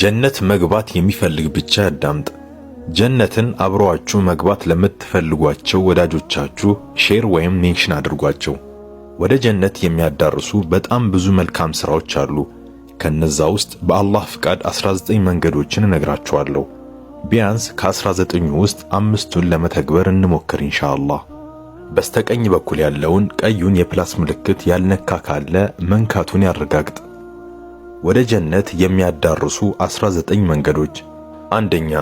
ጀነት መግባት የሚፈልግ ብቻ ያዳምጥ። ጀነትን አብረዋችሁ መግባት ለምትፈልጓቸው ወዳጆቻችሁ ሼር ወይም ሜንሽን አድርጓቸው። ወደ ጀነት የሚያዳርሱ በጣም ብዙ መልካም ስራዎች አሉ። ከነዛ ውስጥ በአላህ ፍቃድ 19 መንገዶችን እነግራችኋለሁ። ቢያንስ ከ19ኙ ውስጥ አምስቱን ለመተግበር እንሞክር ኢንሻአላህ። በስተቀኝ በኩል ያለውን ቀዩን የፕላስ ምልክት ያልነካ ካለ መንካቱን ያረጋግጥ። ወደ ጀነት የሚያዳርሱ 19 መንገዶች። አንደኛ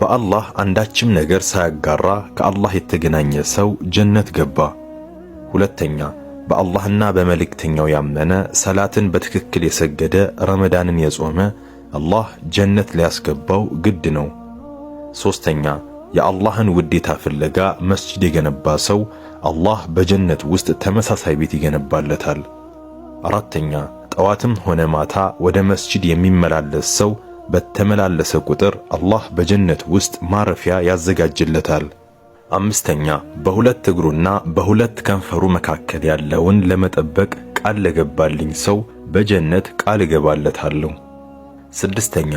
በአላህ አንዳችም ነገር ሳያጋራ ከአላህ የተገናኘ ሰው ጀነት ገባ። ሁለተኛ በአላህና በመልእክተኛው ያመነ ሰላትን በትክክል የሰገደ ረመዳንን የጾመ አላህ ጀነት ሊያስገባው ግድ ነው። ሦስተኛ የአላህን ውዴታ ፍለጋ መስጂድ የገነባ ሰው አላህ በጀነት ውስጥ ተመሳሳይ ቤት ይገነባለታል። አራተኛ ጠዋትም ሆነ ማታ ወደ መስጂድ የሚመላለስ ሰው በተመላለሰ ቁጥር አላህ በጀነት ውስጥ ማረፊያ ያዘጋጅለታል። አምስተኛ በሁለት እግሩና በሁለት ከንፈሩ መካከል ያለውን ለመጠበቅ ቃል ለገባልኝ ሰው በጀነት ቃል እገባለታለሁ። ስድስተኛ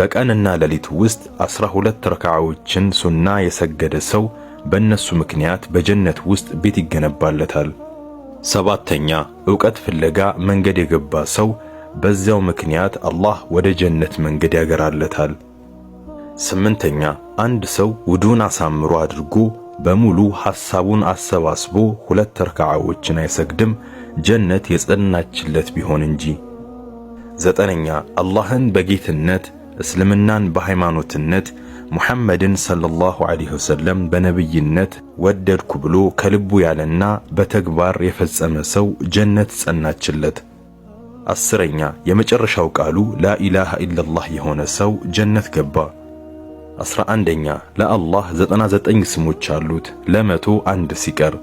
በቀንና ሌሊት ውስጥ አስራ ሁለት ረካዓዎችን ሱና የሰገደ ሰው በእነሱ ምክንያት በጀነት ውስጥ ቤት ይገነባለታል። ሰባተኛ ዕውቀት ፍለጋ መንገድ የገባ ሰው በዚያው ምክንያት አላህ ወደ ጀነት መንገድ ያገራለታል። ስምንተኛ አንድ ሰው ውዱን አሳምሮ አድርጎ በሙሉ ሐሳቡን አሰባስቦ ሁለት ረክዓዎችን አይሰግድም ጀነት የጸናችለት ቢሆን እንጂ። ዘጠነኛ አላህን በጌትነት እስልምናን በሃይማኖትነት ሙሐመድን ሰለላሁ ዐለይሂ ወሰለም በነቢይነት ወደድኩ ብሎ ከልቡ ያለና በተግባር የፈጸመ ሰው ጀነት ጸናችለት። አስረኛ የመጨረሻው ቃሉ ላኢላሃ ኢለላህ የሆነ ሰው ጀነት ገባ። አስራ አንደኛ ለአላህ ዘጠና ዘጠኝ ስሞች አሉት ለመቶ አንድ ሲቀር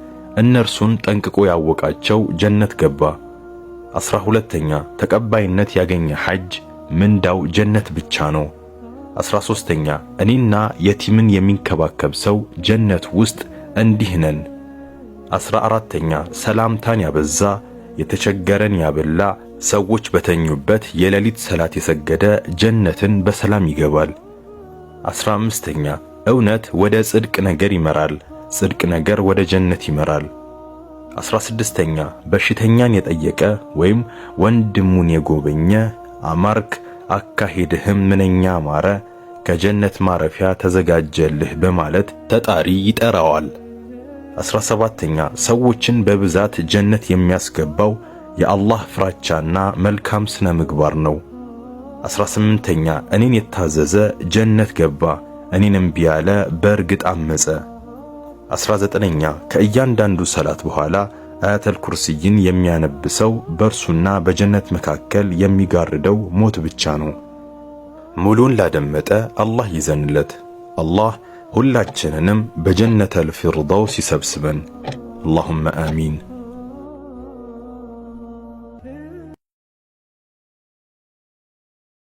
እነርሱን ጠንቅቆ ያወቃቸው ጀነት ገባ። አስራ ሁለተኛ ተቀባይነት ያገኘ ሐጅ ምንዳው ጀነት ብቻ ነው። አስራ ሦስተኛ እኔና የቲምን የሚንከባከብ ሰው ጀነት ውስጥ እንዲህ ነን። አስራ አራተኛ ሰላምታን ያበዛ የተቸገረን ያበላ ሰዎች በተኙበት የሌሊት ሰላት የሰገደ ጀነትን በሰላም ይገባል። አስራ አምስተኛ እውነት ወደ ጽድቅ ነገር ይመራል፣ ጽድቅ ነገር ወደ ጀነት ይመራል። አስራ ስድስተኛ በሽተኛን የጠየቀ ወይም ወንድሙን የጎበኘ አማርክ፣ አካሄድህም ምንኛ ማረ፣ ከጀነት ማረፊያ ተዘጋጀልህ በማለት ተጣሪ ይጠራዋል። አስራ ሰባተኛ ሰዎችን በብዛት ጀነት የሚያስገባው የአላህ ፍራቻና መልካም ስነ ምግባር ነው። አስራ ስምንተኛ እኔን የታዘዘ ጀነት ገባ፣ እኔን እምቢ ያለ በእርግጥ አመፀ። አስራ ዘጠነኛ ከእያንዳንዱ ሰላት በኋላ አያተል ኩርስይን የሚያነብ ሰው በእርሱና በጀነት መካከል የሚጋርደው ሞት ብቻ ነው። ሙሉን ላደመጠ አላህ ይዘንለት። አላህ ሁላችንንም በጀነተል ፊርዳውስ ይሰብስበን። አላሁመ አሚን።